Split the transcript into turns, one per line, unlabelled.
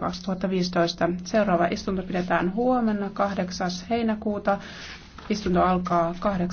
2015. Seuraava istunto pidetään huomenna 8. heinäkuuta. Istunto alkaa 8.